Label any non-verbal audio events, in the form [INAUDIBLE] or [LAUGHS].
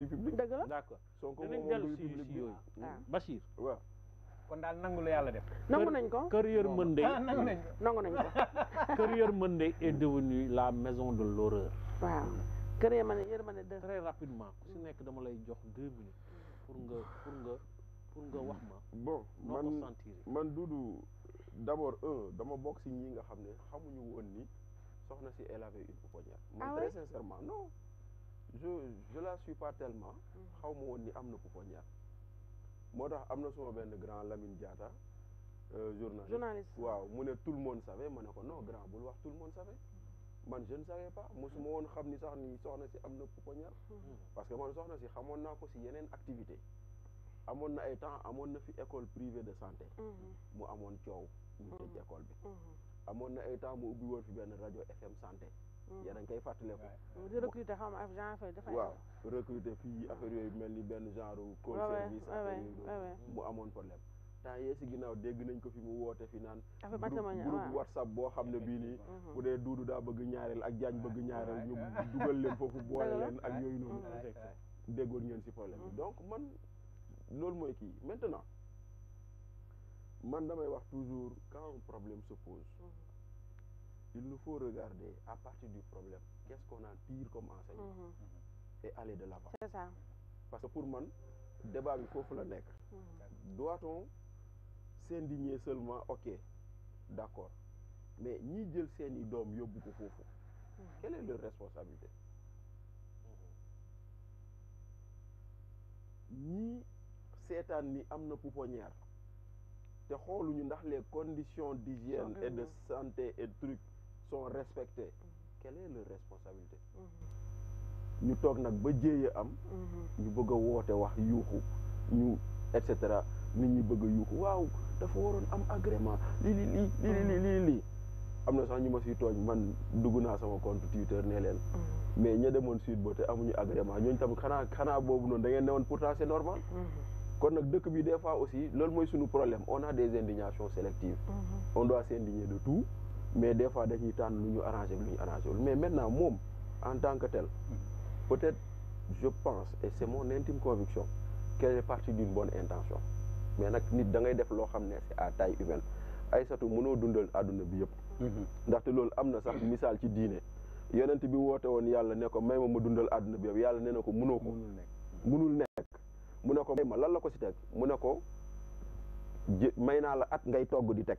dëgg la d'accord Sonko dellu si si yooyu ah. Bachir kon daal nangu la yàlla def nangu nañ ko Kër Yërmande ah, nangu nañ ko nangu nañ ko [LAUGHS] devenue la maison de l'horreur waaw Kër Yërmande Yërmande de très rapidement ku si nekk dama lay jox deux minutes pour nga pour nga pour nga wax ma bon man man Doudou d'abord un dama bokk si ñi nga xam ne xamuñu woon ni soxna si elle avait une pouponnière ah man très sincèrement non je je la suis pas tellement. Mm-hmm. xaw ma woon ni am na ku ko ñaar. moo tax am benn grand Lamine Diatta. Euh, journaliste journaliste waaw mu tout le monde savait ma ko non grand bul wax tout le monde savait. Mm-hmm. man je ne savais pas mosuma woon xam ni sax ni soxna si am na ko ñaar. Mm-hmm. parce que man soxna si xamoon naa ko si yeneen activité amoon na ay temps amoon na fi école privée de santé. mu amoon coow. ñu tëj école bi. amoon na ay temps mu ubbi woon fi benn rajo FM santé. Mm. yéen a ngi koy fàttaliku. di recruter xaw ma genre affaire dafa waaw recruter fii affaire yooyu mel ni benn genre. call service affaire yooyu mu amoon problème. temps yee si ginnaaw dégg nañ ko fi mu woote fi naan groupe whatsapp boo xam ne bii nii mhm. dee duudu daa bëgg ñaareel ak jaañ bëgg ñaareel ñu dugal leen foofu [LAUGHS] boole leen ak yooyu noonu déggoon ngeen si problème bi mhm. donc man loolu mooy kii maintenant man damay wax toujours quand problème se mhm. il nous faut regarder à partir du problème, qu'est-ce qu'on en tire comme enseignement mhm. mhm. et aller de l'avant. C'est ça. Parce que pour moi, le débat, est faut le nec. Doit-on s'indigner seulement, ok, d'accord, mais ni de ni d'homme, il beaucoup faux. Quelle est leur responsabilité Ni seetaan ni am na pouponnière les conditions d'hygiène et de santé et trucs sont respectés mm-hmm. quelle est responsabilité mm-hmm. ñu toog nag ba jéeye am mm-hmm. ñu bëgg a woote wax yuuxu ñu et cetera nit ñi bëgg a yuuxu waaw dafa waroon am agrément lii lii lii lii lii am na sax ñu ma siy tooñ man dugg naa sama compte Twitter ne leen mais ña demoon Sweet Beauté amuñu agrément ñooñu tamit xanaa xanaa boobu noonu da ngeen ne woon pourtant c'est normal kon nag dëkk bi des fois aussi loolu mooy suñu problème on a des indignations sélectives on doit s'indigner de tout mais des fois dañuy tànn lu ñu arrangé lu ñu arrangé mais maintenant moom en tant que tel mm-hmm. peut-être je pense et c'est mon intime conviction qu'elle est partie d'une bonne intention mais nag nit da ngay def loo xam ne c'est à taille ay Aysatu munoo dundal àdduna bi yëpp mm-hmm. ndaxte loolu am na sax mm-hmm. misaal ci diine yenent bi woote woon yàlla ne ko may ma ma dundal àdduna bi yëpp yàlla ne na ko mënoo ko mënul nekk mu ne ko may ma lan la ko si teg mu ne ko may naa la at ngay togg di teg